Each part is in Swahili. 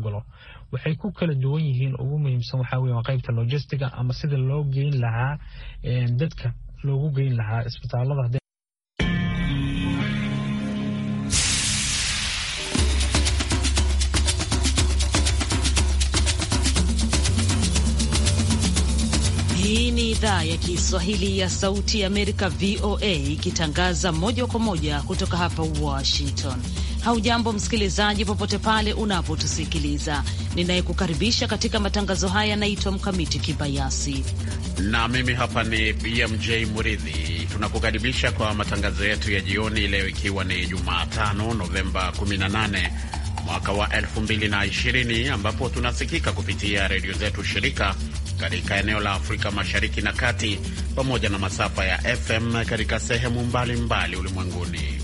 galo waxay ku kala duwan yihiin ugu muhiimsan waxaa weeyaan qaybta logistiga ama sida loo geyn lahaa eh, dadka loogu geyn lahaa isbitaalada Hii ni idhaa ya Kiswahili ya Sauti ya Amerika, VOA, ikitangaza moja kwa moja kutoka hapa Washington. Haujambo msikilizaji, popote pale unapotusikiliza, ninayekukaribisha katika matangazo haya yanaitwa Mkamiti Kibayasi na mimi hapa ni BMJ Muridhi. Tunakukaribisha kwa matangazo yetu ya jioni leo, ikiwa ni Jumatano Novemba 18 mwaka wa 2020 ambapo tunasikika kupitia redio zetu shirika katika eneo la Afrika Mashariki na Kati pamoja na masafa ya FM katika sehemu mbalimbali ulimwenguni.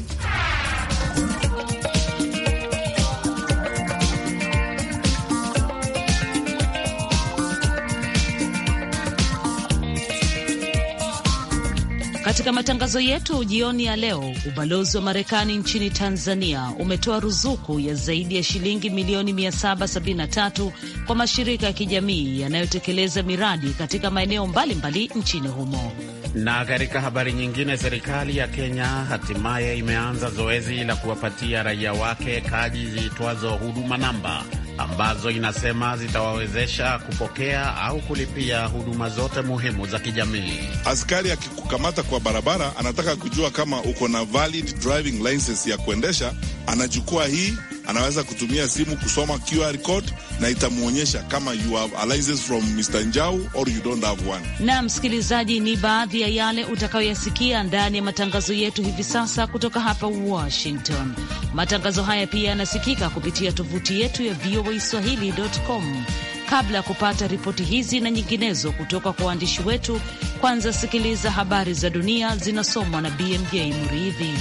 Katika matangazo yetu jioni ya leo, ubalozi wa Marekani nchini Tanzania umetoa ruzuku ya zaidi ya shilingi milioni 773 kwa mashirika ya kijamii yanayotekeleza miradi katika maeneo mbalimbali nchini humo. Na katika habari nyingine, serikali ya Kenya hatimaye imeanza zoezi la kuwapatia raia wake kadi ziitwazo huduma namba ambazo inasema zitawawezesha kupokea au kulipia huduma zote muhimu za kijamii. Askari akikukamata kwa barabara, anataka kujua kama uko na valid driving license ya kuendesha, anachukua hii anaweza kutumia simu kusoma QR code na itamwonyesha kama you have a license from Mr. Njau or you don't have one. Na msikilizaji, ni baadhi ya yale utakayoyasikia ndani ya matangazo yetu hivi sasa kutoka hapa Washington. Matangazo haya pia yanasikika kupitia tovuti yetu ya voaswahili.com. Kabla ya kupata ripoti hizi na nyinginezo kutoka kwa waandishi wetu, kwanza sikiliza habari za dunia zinasomwa na BMJ Muridhi.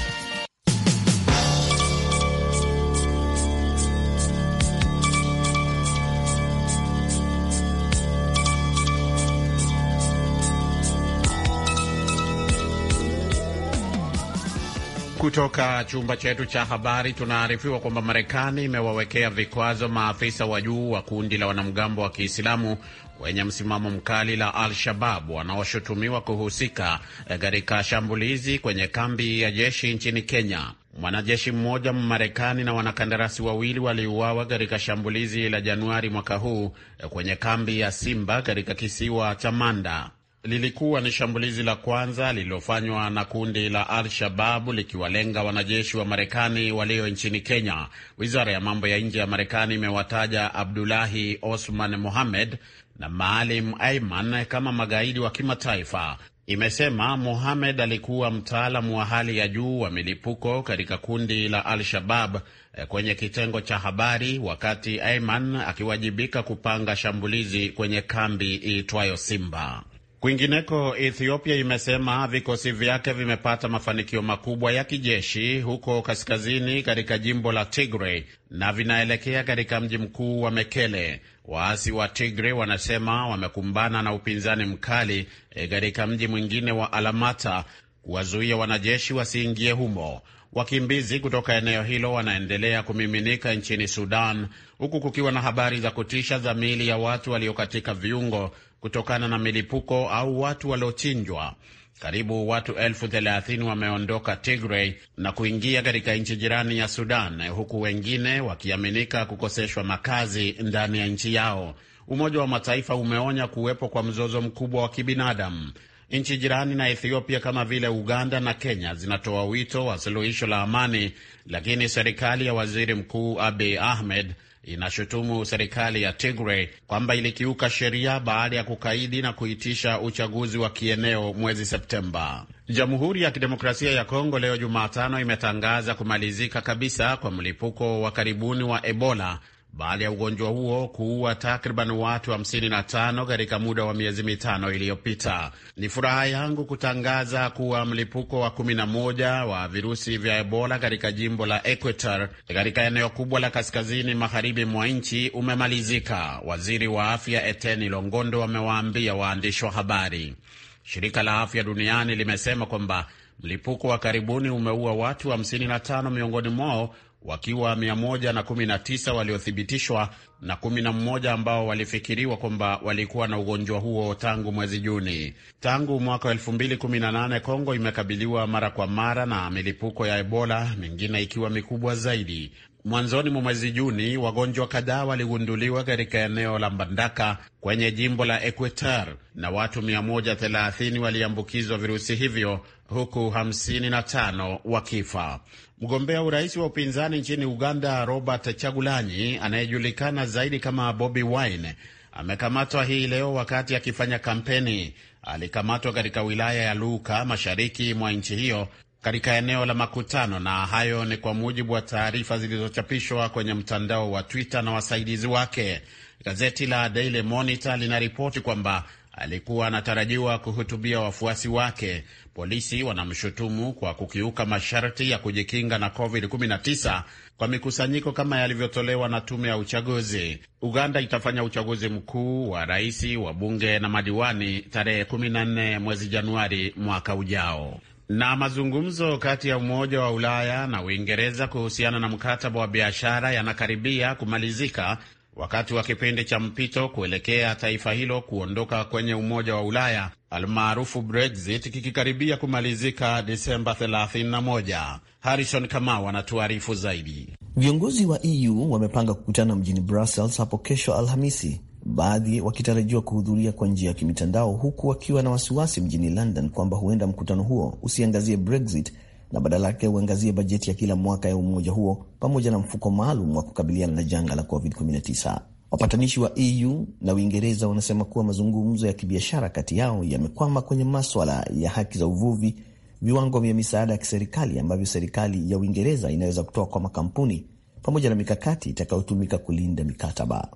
Kutoka chumba chetu cha habari tunaarifiwa kwamba Marekani imewawekea vikwazo maafisa wa juu wa kundi la wanamgambo wa Kiislamu wenye msimamo mkali la Al-Shabab wanaoshutumiwa kuhusika eh, katika shambulizi kwenye kambi ya jeshi nchini Kenya. Mwanajeshi mmoja Mmarekani na wanakandarasi wawili waliuawa katika shambulizi la Januari mwaka huu eh, kwenye kambi ya Simba katika kisiwa cha Manda lilikuwa ni shambulizi la kwanza lililofanywa na kundi la Al-Shababu likiwalenga wanajeshi wa Marekani walio nchini Kenya. Wizara ya mambo ya nje ya Marekani imewataja Abdulahi Osman Mohamed na Maalim Aiman kama magaidi wa kimataifa. Imesema Mohamed alikuwa mtaalamu wa hali ya juu wa milipuko katika kundi la Al-Shabab eh, kwenye kitengo cha habari, wakati Aiman akiwajibika kupanga shambulizi kwenye kambi iitwayo Simba. Kwingineko, Ethiopia imesema vikosi vyake vimepata mafanikio makubwa ya kijeshi huko kaskazini katika jimbo la Tigray na vinaelekea katika mji mkuu wa Mekele. Waasi wa Tigray wanasema wamekumbana na upinzani mkali eh, katika mji mwingine wa Alamata kuwazuia wanajeshi wasiingie humo. Wakimbizi kutoka eneo hilo wanaendelea kumiminika nchini Sudan, huku kukiwa na habari za kutisha za miili ya watu waliokatika viungo kutokana na milipuko au watu waliochinjwa. Karibu watu elfu thelathini wameondoka Tigray na kuingia katika nchi jirani ya Sudan, huku wengine wakiaminika kukoseshwa makazi ndani ya nchi yao. Umoja wa Mataifa umeonya kuwepo kwa mzozo mkubwa wa kibinadamu. Nchi jirani na Ethiopia kama vile Uganda na Kenya zinatoa wito wa suluhisho la amani, lakini serikali ya waziri mkuu Abiy Ahmed inashutumu serikali ya Tigray kwamba ilikiuka sheria baada ya kukaidi na kuitisha uchaguzi wa kieneo mwezi Septemba. Jamhuri ya Kidemokrasia ya Kongo leo Jumatano imetangaza kumalizika kabisa kwa mlipuko wa karibuni wa Ebola baada ya ugonjwa huo kuua takriban watu 55 wa katika muda wa miezi mitano iliyopita. Ni furaha yangu kutangaza kuwa mlipuko wa 11 wa virusi vya Ebola katika jimbo la Equator katika eneo kubwa la kaskazini magharibi mwa nchi umemalizika, waziri wa afya Eteni Longondo amewaambia waandishi wa habari. Shirika la Afya Duniani limesema kwamba mlipuko wa karibuni umeua watu 55 wa miongoni mwao wakiwa 119 waliothibitishwa na 11 ambao walifikiriwa kwamba walikuwa na ugonjwa huo tangu mwezi Juni. Tangu mwaka 2018 Kongo imekabiliwa mara kwa mara na milipuko ya Ebola, mingine ikiwa mikubwa zaidi. Mwanzoni mwa mwezi Juni, wagonjwa kadhaa waligunduliwa katika eneo la Mbandaka kwenye jimbo la Equateur na watu 130 waliambukizwa virusi hivyo huku 55 wakifa. Mgombea urais wa upinzani nchini Uganda, Robert Chagulanyi, anayejulikana zaidi kama Bobi Wine, amekamatwa hii leo wakati akifanya kampeni. Alikamatwa katika wilaya ya Luka, mashariki mwa nchi hiyo, katika eneo la makutano, na hayo ni kwa mujibu wa taarifa zilizochapishwa kwenye mtandao wa Twitter na wasaidizi wake. Gazeti la Daily Monitor linaripoti kwamba alikuwa anatarajiwa kuhutubia wafuasi wake. Polisi wanamshutumu kwa kukiuka masharti ya kujikinga na COVID-19 kwa mikusanyiko kama yalivyotolewa na tume ya uchaguzi. Uganda itafanya uchaguzi mkuu wa rais, wa bunge na madiwani tarehe 14 mwezi Januari mwaka ujao. Na mazungumzo kati ya Umoja wa Ulaya na Uingereza kuhusiana na mkataba wa biashara yanakaribia kumalizika wakati wa kipindi cha mpito kuelekea taifa hilo kuondoka kwenye Umoja wa Ulaya almaarufu Brexit kikikaribia kumalizika Disemba 31. Harrison Kamau anatuarifu zaidi. Viongozi wa EU wamepanga kukutana mjini Brussels hapo kesho Alhamisi, baadhi wakitarajiwa kuhudhuria kwa njia ya kimitandao, huku wakiwa na wasiwasi mjini London kwamba huenda mkutano huo usiangazie Brexit na badala yake uangazie bajeti ya kila mwaka ya umoja huo pamoja na mfuko maalum wa kukabiliana na janga la COVID-19. Wapatanishi wa EU na Uingereza wanasema kuwa mazungumzo ya kibiashara kati yao yamekwama kwenye maswala ya haki za uvuvi, viwango vya misaada ya kiserikali ambavyo serikali ya Uingereza inaweza kutoa kwa makampuni, pamoja na mikakati itakayotumika kulinda mikataba.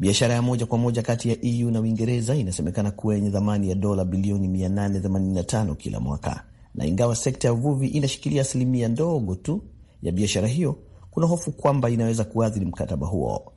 Biashara ya moja kwa moja kati ya EU na Uingereza inasemekana kuwa yenye thamani ya dola bilioni 885 kila mwaka na ingawa sekta ya uvuvi inashikilia asilimia ndogo tu ya biashara hiyo, kuna hofu kwamba inaweza kuathiri mkataba huo.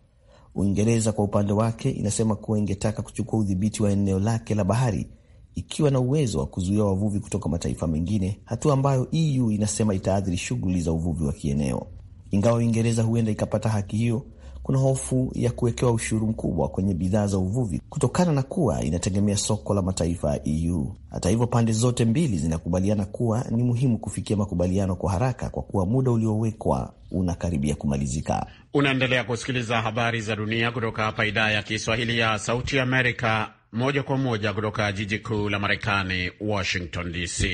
Uingereza kwa upande wake inasema kuwa ingetaka kuchukua udhibiti wa eneo lake la bahari ikiwa na uwezo wa kuzuia wavuvi kutoka mataifa mengine, hatua ambayo EU inasema itaathiri shughuli za uvuvi wa kieneo. Ingawa Uingereza huenda ikapata haki hiyo, kuna hofu ya kuwekewa ushuru mkubwa kwenye bidhaa za uvuvi kutokana na kuwa inategemea soko la mataifa ya EU. Hata hivyo, pande zote mbili zinakubaliana kuwa ni muhimu kufikia makubaliano kwa haraka kwa kuwa muda uliowekwa unakaribia kumalizika. Unaendelea kusikiliza habari za dunia kutoka hapa idhaa ya Kiswahili ya Sauti Amerika, moja kwa moja kutoka jiji kuu la Marekani, Washington DC.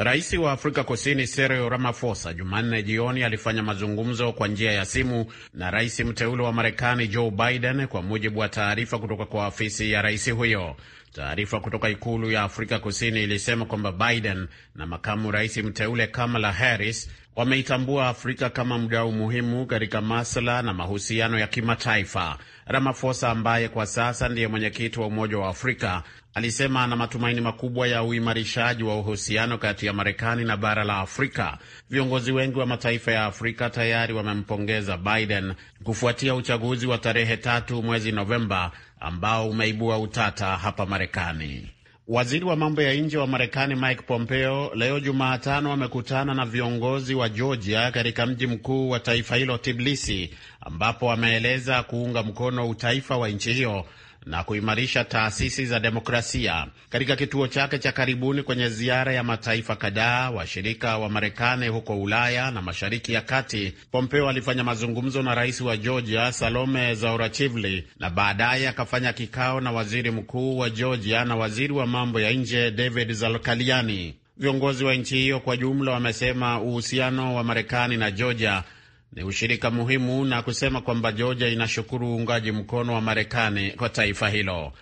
Rais wa Afrika Kusini Cyril Ramaphosa Jumanne jioni alifanya mazungumzo kwa njia ya simu na rais mteule wa Marekani Joe Biden, kwa mujibu wa taarifa kutoka kwa ofisi ya rais huyo. Taarifa kutoka ikulu ya Afrika Kusini ilisema kwamba Biden na makamu rais mteule Kamala Harris wameitambua Afrika kama mdau muhimu katika masuala na mahusiano ya kimataifa. Ramaphosa ambaye kwa sasa ndiye mwenyekiti wa Umoja wa Afrika alisema ana matumaini makubwa ya uimarishaji wa uhusiano kati ya Marekani na bara la Afrika. Viongozi wengi wa mataifa ya Afrika tayari wamempongeza Biden kufuatia uchaguzi wa tarehe tatu mwezi Novemba ambao umeibua utata hapa Marekani. Waziri wa mambo ya nje wa Marekani Mike Pompeo leo Jumatano amekutana na viongozi wa Georgia katika mji mkuu wa taifa hilo Tbilisi, ambapo ameeleza kuunga mkono utaifa wa nchi hiyo na kuimarisha taasisi za demokrasia. Katika kituo chake cha karibuni kwenye ziara ya mataifa kadhaa washirika wa Marekani huko Ulaya na Mashariki ya Kati, Pompeo alifanya mazungumzo na rais wa Georgia Salome Zaurachivli na baadaye akafanya kikao na waziri mkuu wa Georgia na waziri wa mambo ya nje David Zalkaliani. Viongozi wa nchi hiyo kwa jumla wamesema uhusiano wa Marekani na Georgia ni ushirika muhimu na kusema kwamba Georgia inashukuru uungaji mkono wa Marekani kwa taifa hilo.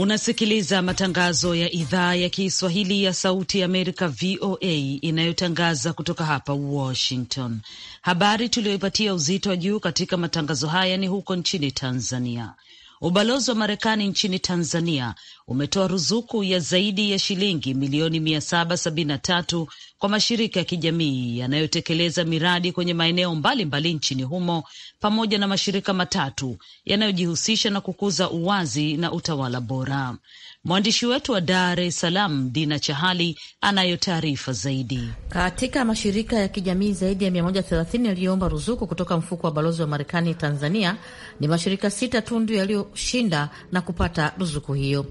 Unasikiliza matangazo ya idhaa ya Kiswahili ya Sauti ya Amerika, VOA, inayotangaza kutoka hapa Washington. Habari tuliyoipatia uzito wa juu katika matangazo haya ni huko nchini Tanzania. Ubalozi wa Marekani nchini Tanzania umetoa ruzuku ya zaidi ya shilingi milioni mia saba sabini na tatu kwa mashirika ya kijamii yanayotekeleza miradi kwenye maeneo mbalimbali nchini humo pamoja na mashirika matatu yanayojihusisha na kukuza uwazi na utawala bora. Mwandishi wetu wa Dar es Salaam, Dina Chahali, anayo taarifa zaidi. Katika mashirika ya kijamii zaidi ya 130 yaliyoomba ruzuku kutoka mfuko wa balozi wa Marekani Tanzania, ni mashirika sita tu ndio yaliyoshinda na kupata ruzuku hiyo.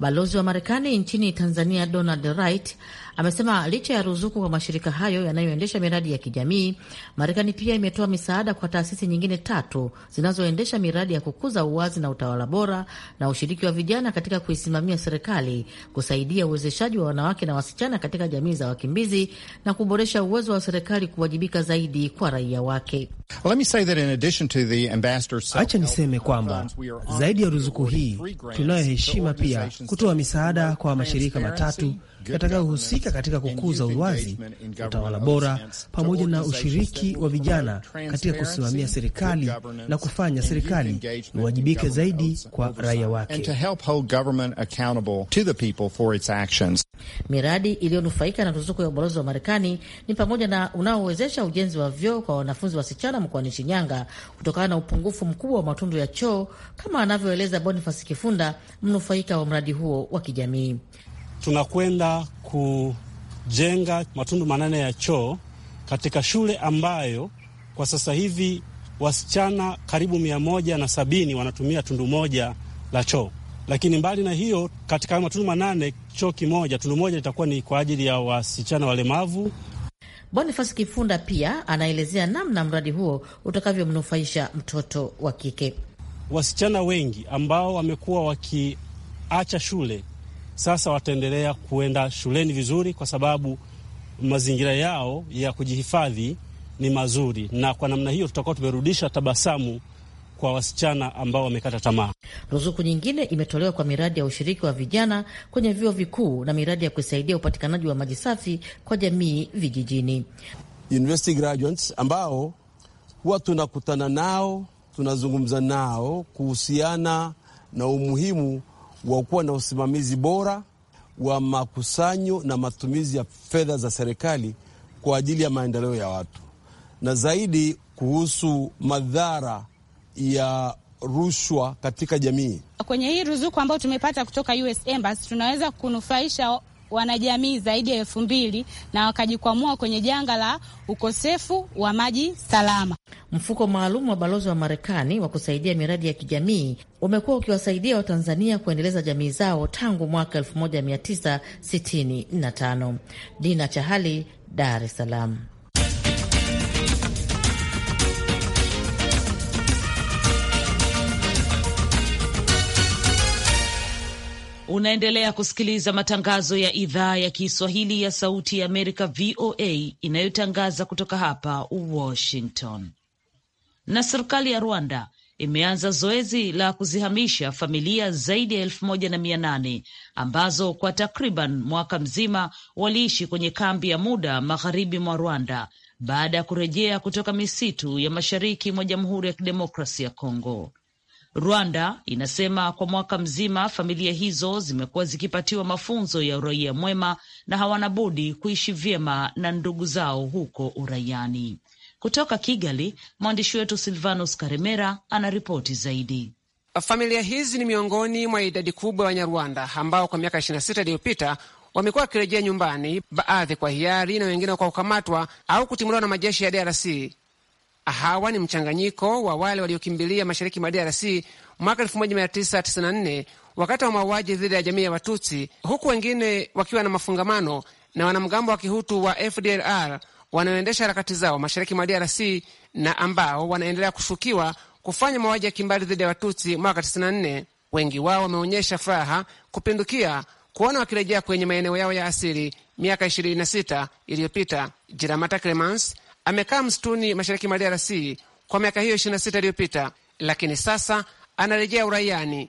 Balozi wa Marekani nchini Tanzania Donald Wright Amesema licha ya ruzuku kwa mashirika hayo yanayoendesha miradi ya kijamii, Marekani pia imetoa misaada kwa taasisi nyingine tatu zinazoendesha miradi ya kukuza uwazi na utawala bora na ushiriki wa vijana katika kuisimamia serikali, kusaidia uwezeshaji wa wanawake na wasichana katika jamii za wakimbizi na kuboresha uwezo wa serikali kuwajibika zaidi kwa raia wake. Acha niseme kwamba zaidi ya ruzuku hii tunayo heshima pia kutoa misaada kwa mashirika matatu yatakayohusika katika kukuza uwazi, utawala bora, pamoja na ushiriki wa vijana katika kusimamia serikali na kufanya serikali iwajibike zaidi kwa raia wake. Miradi iliyonufaika na ruzuku ya ubalozi wa Marekani ni pamoja na unaowezesha ujenzi wa vyoo kwa wanafunzi wasichana mkoani Shinyanga kutokana na upungufu mkubwa wa matundu ya choo, kama anavyoeleza Bonifasi Kifunda, mnufaika wa mradi huo wa kijamii tunakwenda kujenga matundu manane ya choo katika shule ambayo kwa sasa hivi wasichana karibu mia moja na sabini wanatumia tundu moja la choo. Lakini mbali na hiyo, katika matundu manane, choo kimoja, tundu moja litakuwa ni kwa ajili ya wasichana walemavu. Bonifas Kifunda pia anaelezea namna mradi huo utakavyomnufaisha mtoto wa kike. Wasichana wengi ambao wamekuwa wakiacha shule sasa wataendelea kuenda shuleni vizuri, kwa sababu mazingira yao ya kujihifadhi ni mazuri, na kwa namna hiyo tutakuwa tumerudisha tabasamu kwa wasichana ambao wamekata tamaa. Ruzuku nyingine imetolewa kwa miradi ya ushiriki wa vijana kwenye vyuo vikuu na miradi ya kusaidia upatikanaji wa maji safi kwa jamii vijijini. University graduates ambao huwa tunakutana nao, tunazungumza nao kuhusiana na umuhimu wa kuwa na usimamizi bora wa makusanyo na matumizi ya fedha za serikali kwa ajili ya maendeleo ya watu, na zaidi kuhusu madhara ya rushwa katika jamii. Kwenye hii ruzuku ambayo tumepata kutoka US Embassy tunaweza kunufaisha wanajamii zaidi ya elfu mbili na wakajikwamua kwenye janga la ukosefu wa maji salama. Mfuko maalum wa balozi wa Marekani wa kusaidia miradi ya kijamii umekuwa ukiwasaidia Watanzania kuendeleza jamii zao tangu mwaka 1965. Dina Chahali, Dar es Salaam. Unaendelea kusikiliza matangazo ya idhaa ya Kiswahili ya Sauti ya Amerika, VOA, inayotangaza kutoka hapa Washington. Na serikali ya Rwanda imeanza zoezi la kuzihamisha familia zaidi ya elfu moja na mia nane ambazo kwa takriban mwaka mzima waliishi kwenye kambi ya muda magharibi mwa Rwanda baada ya kurejea kutoka misitu ya mashariki mwa Jamhuri ya Kidemokrasi ya Kongo. Rwanda inasema kwa mwaka mzima familia hizo zimekuwa zikipatiwa mafunzo ya uraia mwema na hawana budi kuishi vyema na ndugu zao huko uraiani. Kutoka Kigali, mwandishi wetu Silvanus Karemera anaripoti zaidi. Familia hizi ni miongoni mwa idadi kubwa ya Wanyarwanda ambao kwa miaka 26 iliyopita wamekuwa wakirejea nyumbani, baadhi kwa hiari na wengine kwa kukamatwa au kutimuliwa na majeshi ya DRC Hawa ni mchanganyiko wa wale waliokimbilia mashariki mwa DRC mwaka 1994 wakati wa mauaji dhidi ya jamii ya Watutsi, huku wengine wakiwa na mafungamano na wanamgambo wa kihutu wa FDLR wanaoendesha harakati zao mashariki mwa DRC na ambao wanaendelea kushukiwa kufanya mauaji ya kimbali dhidi ya Watutsi mwaka 94. Wengi wao wameonyesha furaha kupindukia kuona wakirejea kwenye maeneo yao ya asili miaka 26 iliyopita. Jiramata Clemens Amekaa msituni mashariki mwa DRC kwa miaka hiyo 26 iliyopita, lakini sasa anarejea uraiani.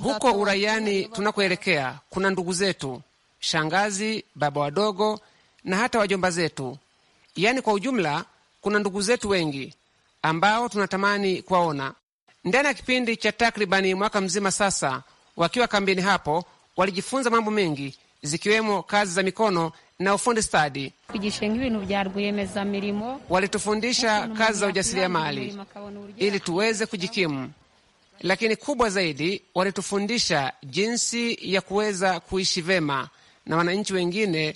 Huko uraiani tunakoelekea kuna ndugu zetu, shangazi, baba wadogo na hata wajomba zetu, yaani kwa ujumla kuna ndugu zetu wengi ambao tunatamani kuwaona. Ndani ya kipindi cha takribani mwaka mzima sasa, wakiwa kambini hapo, walijifunza mambo mengi, zikiwemo kazi za mikono na ufundi stadi. Walitufundisha kazi za ujasiriamali ili tuweze kujikimu, lakini kubwa zaidi walitufundisha jinsi ya kuweza kuishi vema na wananchi wengine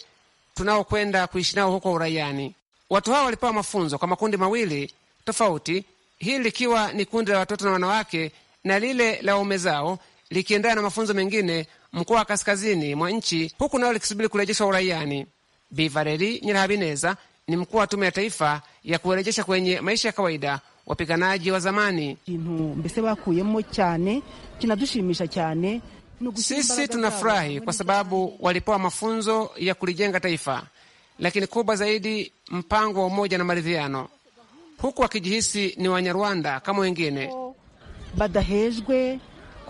tunaokwenda kuishi nao huko uraiani. Watu hawo walipewa mafunzo kwa makundi mawili tofauti, hili likiwa ni kundi la watoto na wanawake na lile la waume zao likiendana na mafunzo mengine mkoa wa kaskazini mwa nchi, huku nao likisubiri kurejeshwa uraiani. Bi Valeri Nyirahabineza ni mkuu wa tume ya taifa ya kuwarejesha kwenye maisha ya kawaida wapiganaji wa zamani. Sisi tunafurahi kwa sababu walipewa mafunzo ya kulijenga taifa, lakini kubwa zaidi, mpango wa umoja na maridhiano, huku wakijihisi ni Wanyarwanda kama wengine badahejwe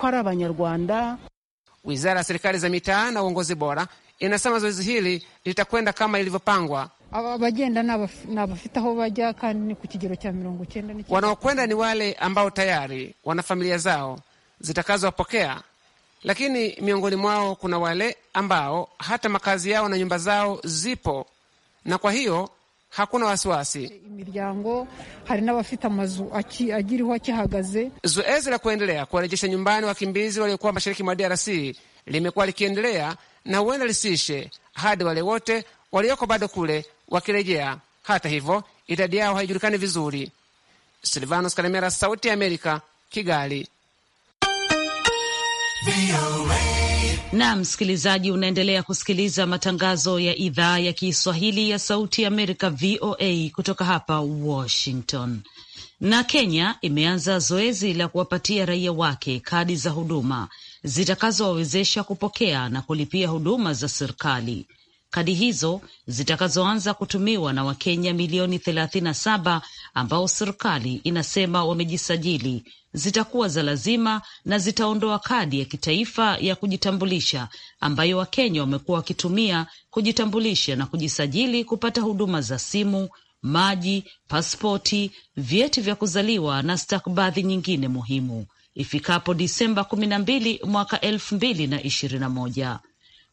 ko Abanyarwanda. Wizara ya serikali za mitaa na uongozi bora inasema zoezi hili litakwenda kama ilivyopangwa. Abagenda nabafite aho bajya kandi ni ku kigero cha mirongo cyenda Wanaokwenda ni wale ambao tayari wana familia zao zitakazowapokea, lakini miongoni mwao kuna wale ambao hata makazi yao na nyumba zao zipo, na kwa hiyo hakuna wasiwasi. Zoezi la kuendelea kuwarejesha nyumbani wakimbizi waliokuwa mashariki mwa DRC limekuwa likiendelea na huenda lisiishe hadi wale wote walioko bado kule wakirejea. Hata hivyo, idadi yao haijulikani vizuri. Silvanos Kalemera, Sauti ya Amerika, Kigali. Na msikilizaji, unaendelea kusikiliza matangazo ya idhaa ya Kiswahili ya Sauti ya Amerika, VOA, kutoka hapa Washington. Na Kenya imeanza zoezi la kuwapatia raia wake kadi za huduma zitakazowawezesha kupokea na kulipia huduma za serikali. Kadi hizo zitakazoanza kutumiwa na Wakenya milioni 37 ambao serikali inasema wamejisajili zitakuwa za lazima na zitaondoa kadi ya kitaifa ya kujitambulisha ambayo Wakenya wamekuwa wakitumia kujitambulisha na kujisajili kupata huduma za simu, maji, pasipoti, vyeti vya kuzaliwa na stakabadhi nyingine muhimu ifikapo Disemba kumi na mbili mwaka elfu mbili na ishirini na moja.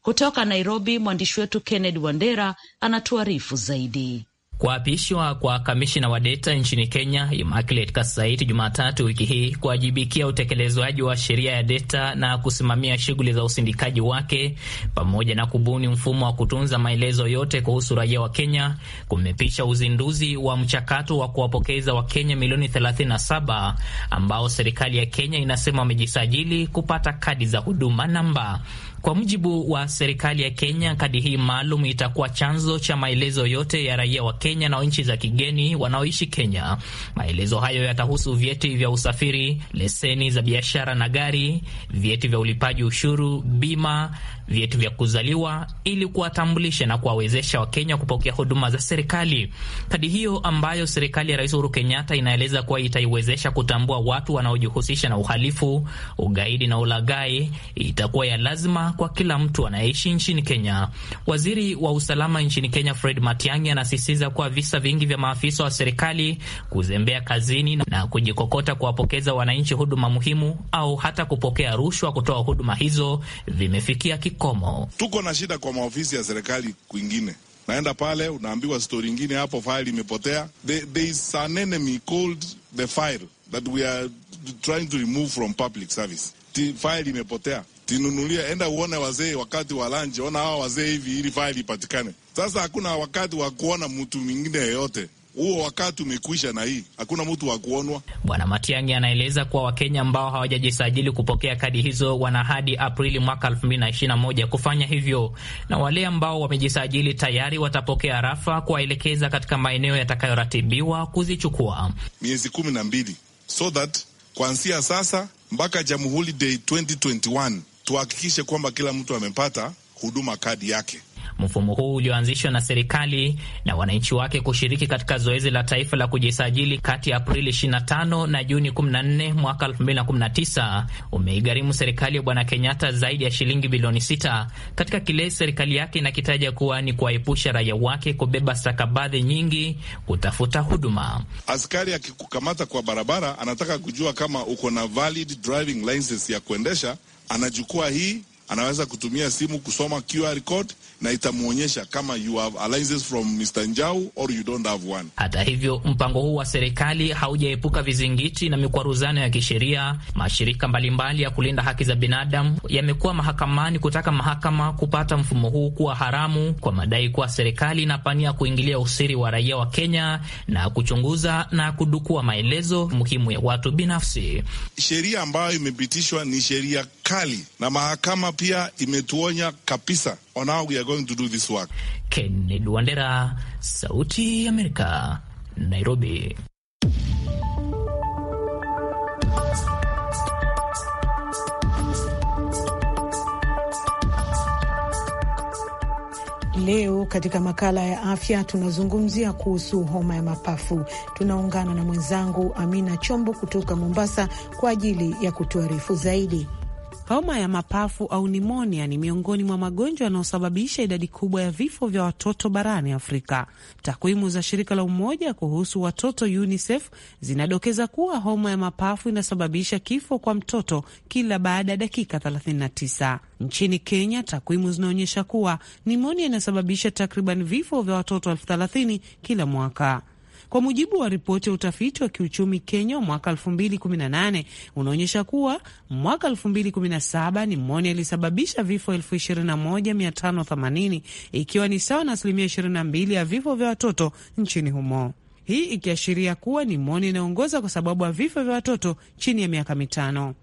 Kutoka Nairobi, mwandishi wetu Kennedy Wandera anatuarifu zaidi. Kuapishwa kwa kamishina wa deta nchini Kenya Immaculate Kasait Jumatatu wiki hii kuwajibikia utekelezwaji wa sheria ya deta na kusimamia shughuli za usindikaji wake pamoja na kubuni mfumo wa kutunza maelezo yote kuhusu raia wa Kenya kumepisha uzinduzi wa mchakato wa kuwapokeza Wakenya milioni 37 ambao serikali ya Kenya inasema wamejisajili kupata kadi za huduma namba. Kwa mujibu wa serikali ya Kenya, kadi hii maalum itakuwa chanzo cha maelezo yote ya raia wa Kenya na nchi za kigeni wanaoishi Kenya. Maelezo hayo yatahusu vyeti vya usafiri, leseni za biashara na gari, vyeti vya ulipaji ushuru, bima, vyeti vya kuzaliwa, ili kuwatambulisha na kuwawezesha Wakenya kupokea huduma za serikali. Kadi hiyo ambayo serikali ya Rais Uhuru Kenyatta inaeleza kuwa itaiwezesha kutambua watu wanaojihusisha na uhalifu, ugaidi na ulaghai itakuwa ya lazima kwa kila mtu anayeishi nchini Kenya. Waziri wa usalama nchini Kenya Fred Matiang'i anasisitiza kuwa visa vingi vya maafisa wa serikali kuzembea kazini na kujikokota kuwapokeza wananchi huduma muhimu au hata kupokea rushwa kutoa huduma hizo vimefikia kikomo. Tuko na shida kwa maofisi ya serikali kwingine Naenda pale unaambiwa stori ingine hapo, faili imepotea. There is an enemy called the file that we are trying to remove from public service. Faili imepotea, tinunulia, enda uone wazee wakati wa lanji, ona hawa wazee hivi, ili faili ipatikane. Sasa hakuna wakati wa kuona mtu mwingine yeyote huo wakati umekwisha, na hii hakuna mtu wa kuonwa. Bwana Matiang'i anaeleza kuwa Wakenya ambao hawajajisajili kupokea kadi hizo wana hadi Aprili mwaka 2021 kufanya hivyo, na wale ambao wamejisajili tayari watapokea rafa kuwaelekeza katika maeneo yatakayoratibiwa kuzichukua miezi kumi na mbili so that kuanzia sasa mpaka Jamhuri Day 2021 tuhakikishe kwamba kila mtu amepata huduma kadi yake. Mfumo huu ulioanzishwa na serikali na wananchi wake kushiriki katika zoezi la taifa la kujisajili kati ya Aprili 25 na Juni 14 mwaka 2019 umeigharimu serikali ya Bwana Kenyatta zaidi ya shilingi bilioni 6 katika kile serikali yake inakitaja kuwa ni kuwaepusha raia wake kubeba stakabadhi nyingi kutafuta huduma. Askari akikukamata kwa barabara, anataka kujua kama uko na valid driving license ya kuendesha anajukua hii anaweza kutumia simu kusoma QR code na itamwonyesha kama you have license from Mr. Njau or you don't have one. Hata hivyo, mpango huu wa serikali haujaepuka vizingiti na mikwaruzano ya kisheria. Mashirika mbalimbali ya kulinda haki za binadamu yamekuwa mahakamani kutaka mahakama kupata mfumo huu kuwa haramu kwa madai kuwa serikali inapania kuingilia usiri wa raia wa Kenya na kuchunguza na kudukua maelezo muhimu ya watu binafsi. Sheria ambayo imepitishwa ni sheria kali na mahakama pia imetuonya kabisa on how we are going to do this work. Kennedy Wandera, Sauti ya Amerika, Nairobi. Leo katika makala ya afya tunazungumzia kuhusu homa ya mapafu. Tunaungana na mwenzangu Amina Chombo kutoka Mombasa kwa ajili ya kutuarifu zaidi. Homa ya mapafu au nimonia ni miongoni mwa magonjwa yanayosababisha idadi kubwa ya vifo vya watoto barani Afrika. Takwimu za shirika la Umoja kuhusu watoto UNICEF zinadokeza kuwa homa ya mapafu inasababisha kifo kwa mtoto kila baada ya dakika 39. Nchini Kenya, takwimu zinaonyesha kuwa nimonia inasababisha takriban vifo vya watoto elfu thelathini kila mwaka. Kwa mujibu wa ripoti ya utafiti wa kiuchumi Kenya mwaka 2018 unaonyesha kuwa mwaka 2017 nimonia ilisababisha vifo 21580 ikiwa ni sawa na asilimia 22 ya vifo vya watoto nchini humo hii ikiashiria kuwa nimonia inaongoza kwa sababu ya vifo vya watoto chini ya miaka mitano.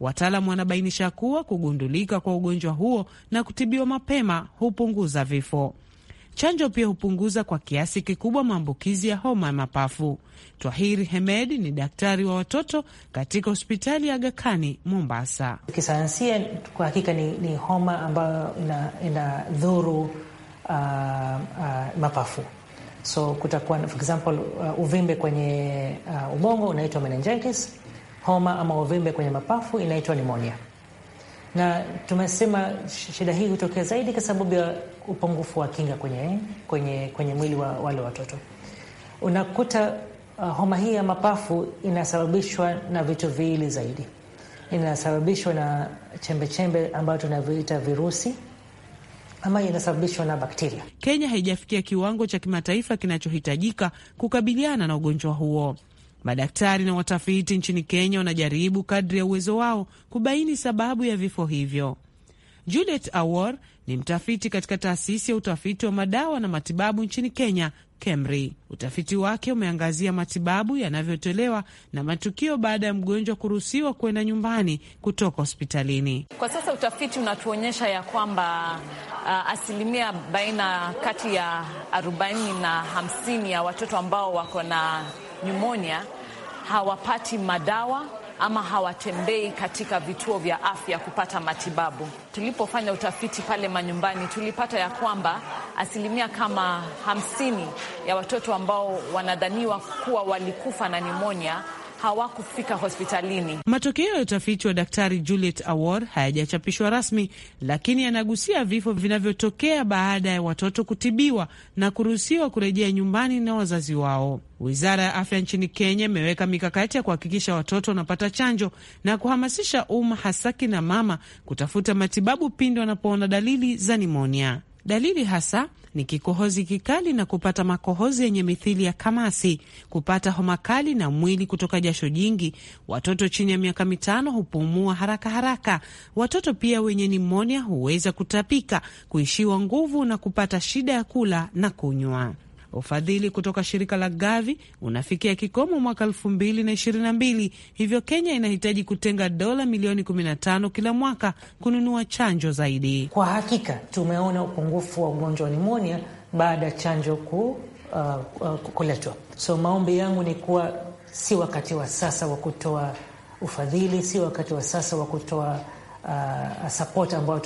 Wataalamu wanabainisha kuwa kugundulika kwa ugonjwa huo na kutibiwa mapema hupunguza vifo. Chanjo pia hupunguza kwa kiasi kikubwa maambukizi ya homa ya mapafu. Twahiri Hemed ni daktari wa watoto katika hospitali ya Aga Khan Mombasa. Kisayansia kwa hakika ni, ni homa ambayo inadhuru ina uh, uh, mapafu so kutakuwa for example uh, uvimbe kwenye uh, ubongo unaitwa meningitis. Homa ama uvimbe kwenye mapafu inaitwa nimonia na tumesema shida hii hutokea zaidi kwa sababu ya upungufu wa kinga kwenye, kwenye, kwenye mwili wa wale watoto. Unakuta uh, homa hii ya mapafu inasababishwa na vitu viwili zaidi. Inasababishwa na chembechembe ambayo tunavyoita virusi ama inasababishwa na bakteria. Kenya haijafikia kiwango cha kimataifa kinachohitajika kukabiliana na ugonjwa huo. Madaktari na watafiti nchini Kenya wanajaribu kadri ya uwezo wao kubaini sababu ya vifo hivyo. Juliet Awor ni mtafiti katika taasisi ya utafiti wa madawa na matibabu nchini Kenya, KEMRI. Utafiti wake umeangazia matibabu yanavyotolewa na matukio baada ya mgonjwa kuruhusiwa kwenda nyumbani kutoka hospitalini. Kwa sasa utafiti unatuonyesha ya kwamba uh, asilimia baina kati ya 40 na 50 ya watoto ambao wako na nyumonia hawapati madawa ama hawatembei katika vituo vya afya kupata matibabu. Tulipofanya utafiti pale manyumbani, tulipata ya kwamba asilimia kama hamsini ya watoto ambao wanadhaniwa kuwa walikufa na nimonia hawakufika hospitalini. Matokeo ya utafiti wa Daktari Juliet Awor hayajachapishwa rasmi, lakini yanagusia vifo vinavyotokea baada ya watoto kutibiwa na kuruhusiwa kurejea nyumbani na wazazi wao. Wizara ya afya nchini Kenya imeweka mikakati ya kuhakikisha watoto wanapata chanjo na kuhamasisha umma, hasa kina mama, kutafuta matibabu pindi wanapoona dalili za nimonia. Dalili hasa ni kikohozi kikali na kupata makohozi yenye mithili ya kamasi, kupata homa kali na mwili kutoka jasho jingi. Watoto chini ya miaka mitano hupumua haraka haraka. Watoto pia wenye nimonia huweza kutapika, kuishiwa nguvu na kupata shida ya kula na kunywa. Ufadhili kutoka shirika la Gavi unafikia kikomo mwaka elfu mbili na ishirini na mbili, hivyo Kenya inahitaji kutenga dola milioni 15 kila mwaka kununua chanjo zaidi. Kwa hakika tumeona upungufu wa ugonjwa wa nimonia baada ya chanjo ku, uh, uh, kuletwa. So maombi yangu ni kuwa si wakati wa sasa wa kutoa ufadhili, si wakati wa sasa wa kutoa uh, support ambayo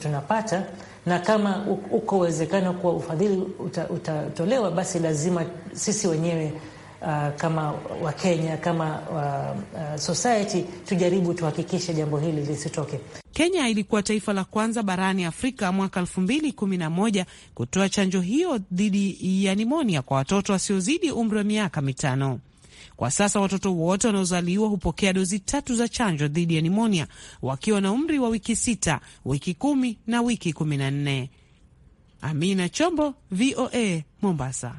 tunapata, na kama uko uwezekano kuwa ufadhili utatolewa uta, basi lazima sisi wenyewe Uh, kama Wakenya kama uh, uh, society tujaribu tuhakikishe jambo hili lisitoke. Kenya ilikuwa taifa la kwanza barani Afrika mwaka moja kutoa chanjo hiyo dhidi ya nimonia kwa watoto wasiozidi umri wa miaka mitano. Kwa sasa watoto wote wanaozaliwa hupokea dozi tatu za chanjo dhidi ya nimonia wakiwa na umri wa wiki sita, wiki kumi na wiki kumi na nne. Amina Chombo, VOA Mombasa.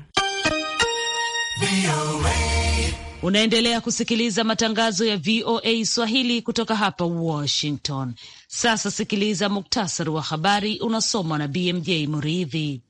Unaendelea kusikiliza matangazo ya VOA Swahili kutoka hapa Washington. Sasa sikiliza muktasari wa habari unasomwa na BMJ Muridhi.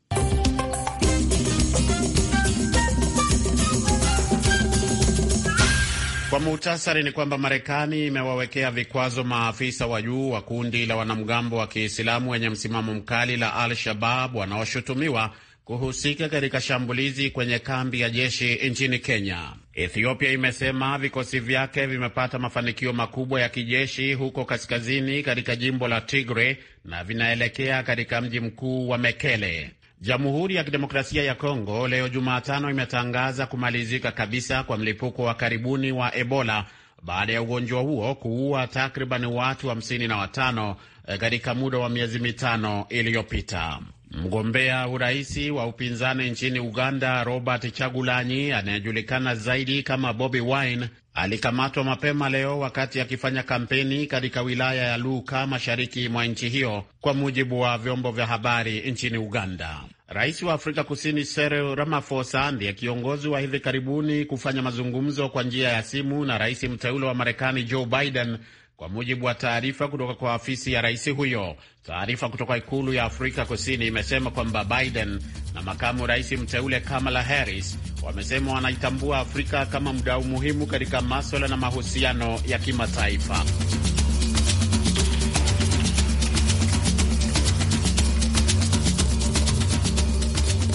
Kwa muhtasari ni kwamba Marekani imewawekea vikwazo maafisa wa juu wa kundi la wanamgambo wa Kiislamu wenye msimamo mkali la Al-Shabab wanaoshutumiwa kuhusika katika shambulizi kwenye kambi ya jeshi nchini Kenya. Ethiopia imesema vikosi vyake vimepata mafanikio makubwa ya kijeshi huko kaskazini katika jimbo la tigre na vinaelekea katika mji mkuu wa Mekele. Jamhuri ya Kidemokrasia ya Kongo leo Jumatano imetangaza kumalizika kabisa kwa mlipuko wa karibuni wa Ebola baada ya ugonjwa huo kuua takriban watu hamsini na watano eh, katika muda wa miezi mitano iliyopita. Mgombea uraisi wa upinzani nchini Uganda Robert Chagulanyi anayejulikana zaidi kama Bobi Wine alikamatwa mapema leo wakati akifanya kampeni katika wilaya ya Luka mashariki mwa nchi hiyo, kwa mujibu wa vyombo vya habari nchini Uganda. Rais wa Afrika Kusini Cyril Ramaphosa ndiye kiongozi wa hivi karibuni kufanya mazungumzo kwa njia ya simu na rais mteule wa Marekani Joe Biden kwa mujibu wa taarifa kutoka kwa afisi ya rais huyo. Taarifa kutoka ikulu ya Afrika Kusini imesema kwamba Biden na makamu rais mteule Kamala Harris wamesema wanaitambua Afrika kama mdau muhimu katika maswala na mahusiano ya kimataifa.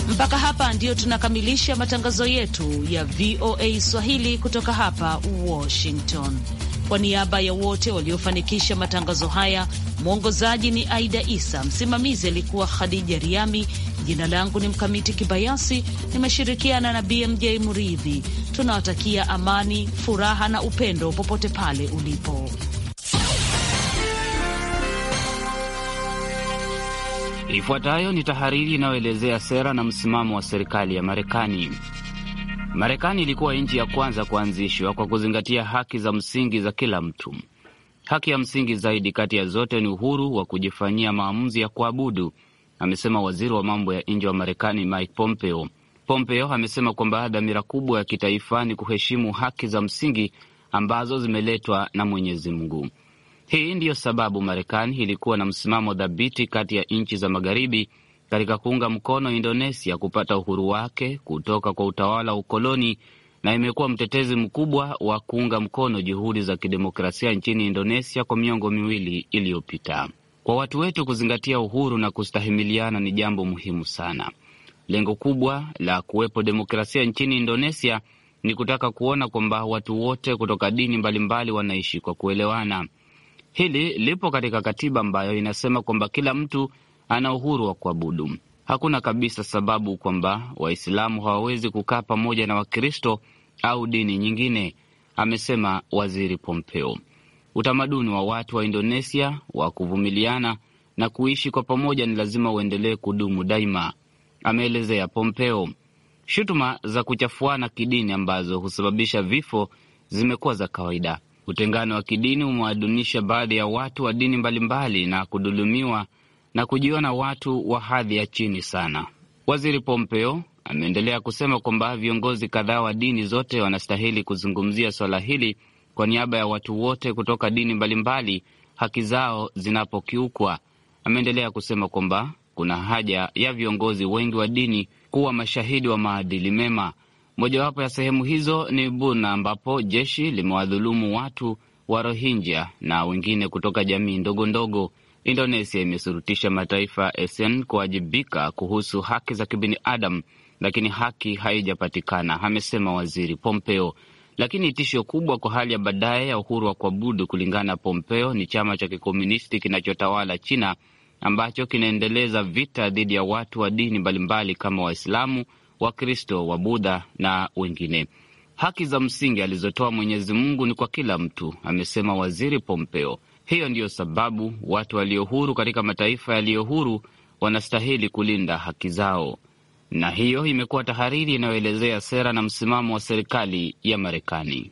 Mpaka hapa ndiyo tunakamilisha matangazo yetu ya VOA Swahili kutoka hapa Washington. Kwa niaba ya wote waliofanikisha matangazo haya, mwongozaji ni Aida Isa, msimamizi alikuwa Khadija Riami. Jina langu ni Mkamiti Kibayasi, nimeshirikiana na BMJ Muridhi. Tunawatakia amani, furaha na upendo popote pale ulipo. Ifuatayo ni tahariri inayoelezea sera na msimamo wa serikali ya Marekani. Marekani ilikuwa nchi ya kwanza kuanzishwa kwa kuzingatia haki za msingi za kila mtu. Haki ya msingi zaidi kati ya zote ni uhuru wa kujifanyia maamuzi ya kuabudu, amesema waziri wa mambo ya nje wa Marekani Mike Pompeo. Pompeo amesema kwamba dhamira kubwa ya kitaifa ni kuheshimu haki za msingi ambazo zimeletwa na Mwenyezi Mungu. Hii ndiyo sababu Marekani ilikuwa na msimamo dhabiti kati ya nchi za magharibi katika kuunga mkono Indonesia kupata uhuru wake kutoka kwa utawala wa ukoloni na imekuwa mtetezi mkubwa wa kuunga mkono juhudi za kidemokrasia nchini Indonesia kwa miongo miwili iliyopita. Kwa watu wetu kuzingatia uhuru na kustahimiliana ni jambo muhimu sana. Lengo kubwa la kuwepo demokrasia nchini Indonesia ni kutaka kuona kwamba watu wote kutoka dini mbalimbali wanaishi kwa kuelewana. Hili lipo katika katiba ambayo inasema kwamba kila mtu ana uhuru wa kuabudu. Hakuna kabisa sababu kwamba Waislamu hawawezi kukaa pamoja na Wakristo au dini nyingine, amesema Waziri Pompeo. Utamaduni wa watu wa Indonesia wa kuvumiliana na kuishi kwa pamoja ni lazima uendelee kudumu daima, ameelezea Pompeo. Shutuma za kuchafuana kidini ambazo husababisha vifo zimekuwa za kawaida. Utengano wa kidini umewadunisha baadhi ya watu wa dini mbalimbali na kudhulumiwa na kujiona watu wa hadhi ya chini sana. Waziri Pompeo ameendelea kusema kwamba viongozi kadhaa wa dini zote wanastahili kuzungumzia swala hili kwa niaba ya watu wote kutoka dini mbalimbali, haki zao zinapokiukwa. Ameendelea kusema kwamba kuna haja ya viongozi wengi wa dini kuwa mashahidi wa maadili mema. Mojawapo ya sehemu hizo ni Buna, ambapo jeshi limewadhulumu watu wa Rohingya na wengine kutoka jamii ndogo ndogo. Indonesia imesurutisha mataifa ya ASEAN kuwajibika kuhusu haki za kibinadamu, lakini haki haijapatikana, amesema Waziri Pompeo. Lakini tisho kubwa kwa hali ya baadaye ya uhuru wa kuabudu, kulingana na Pompeo, ni chama cha kikomunisti kinachotawala China ambacho kinaendeleza vita dhidi ya watu wa dini mbalimbali kama Waislamu, Wakristo, Wabudha na wengine. Haki za msingi alizotoa Mwenyezi Mungu ni kwa kila mtu, amesema Waziri Pompeo. Hiyo ndiyo sababu watu walio huru katika mataifa yaliyo huru wanastahili kulinda haki zao, na hiyo imekuwa tahariri inayoelezea sera na msimamo wa serikali ya Marekani.